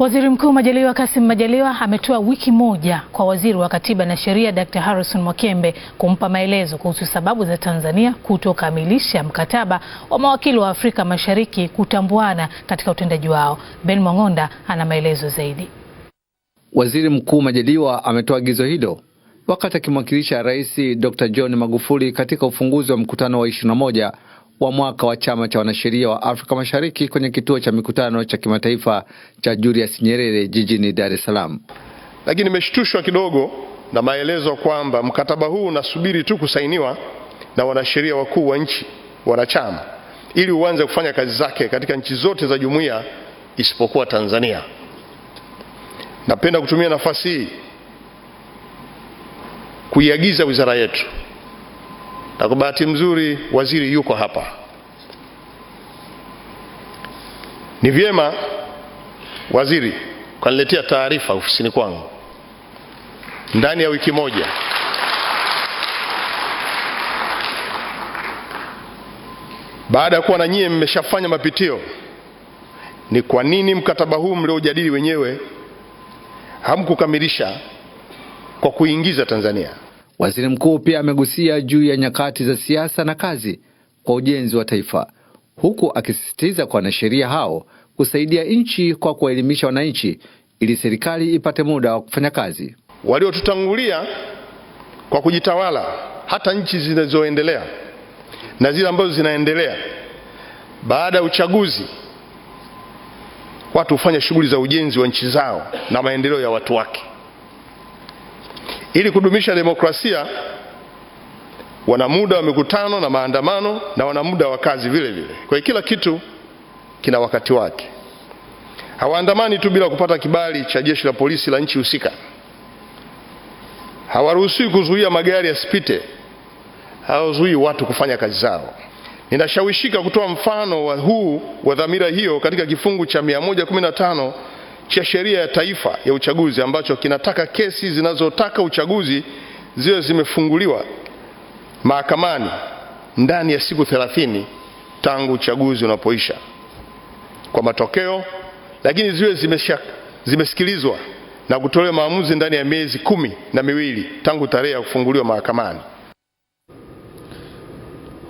Waziri Mkuu Majaliwa Kassim Majaliwa ametoa wiki moja kwa Waziri wa Katiba na Sheria Dr. Harrison Mwakyembe kumpa maelezo kuhusu sababu za Tanzania kutokamilisha mkataba wa mawakili wa Afrika Mashariki kutambuana katika utendaji wao. Ben Mwang'onda ana maelezo zaidi. Waziri Mkuu Majaliwa ametoa agizo hilo wakati akimwakilisha Rais Dr. John Magufuli katika ufunguzi wa mkutano wa 21 wa mwaka wa chama cha wanasheria wa Afrika Mashariki kwenye kituo cha mikutano cha kimataifa cha Julius Nyerere jijini Dar es Salaam. Lakini nimeshtushwa kidogo na maelezo kwamba mkataba huu unasubiri tu kusainiwa na wanasheria wakuu wa nchi wanachama ili uanze kufanya kazi zake katika nchi zote za jumuiya isipokuwa Tanzania. Napenda kutumia nafasi hii kuiagiza wizara yetu na kwa bahati mzuri waziri yuko hapa. Ni vyema waziri ukaniletea taarifa ofisini kwangu ndani ya wiki moja baada ya kuwa na nyie mmeshafanya mapitio, ni kwa nini mkataba huu mliojadili wenyewe hamkukamilisha kwa kuingiza Tanzania. Waziri mkuu pia amegusia juu ya nyakati za siasa na kazi kwa ujenzi wa taifa, huku akisisitiza kwa wanasheria hao kusaidia nchi kwa kuwaelimisha wananchi ili serikali ipate muda wa kufanya kazi. Waliotutangulia kwa kujitawala, hata nchi zinazoendelea na zile ambazo zinaendelea, baada ya uchaguzi watu hufanya shughuli za ujenzi wa nchi zao na maendeleo ya watu wake. Ili kudumisha demokrasia, wana muda wa mikutano na maandamano na wana muda wa kazi vile vile. Kwa hiyo kila kitu kina wakati wake. Hawaandamani tu bila kupata kibali cha jeshi la polisi la nchi husika. Hawaruhusiwi kuzuia magari yasipite, hawazuii watu kufanya kazi zao. Ninashawishika kutoa mfano wa huu wa dhamira hiyo katika kifungu cha 115 cha sheria ya taifa ya uchaguzi ambacho kinataka kesi zinazotaka uchaguzi ziwe zimefunguliwa mahakamani ndani ya siku thelathini tangu uchaguzi unapoisha kwa matokeo, lakini ziwe zimesikilizwa na kutolewa maamuzi ndani ya miezi kumi na miwili tangu tarehe ya kufunguliwa mahakamani.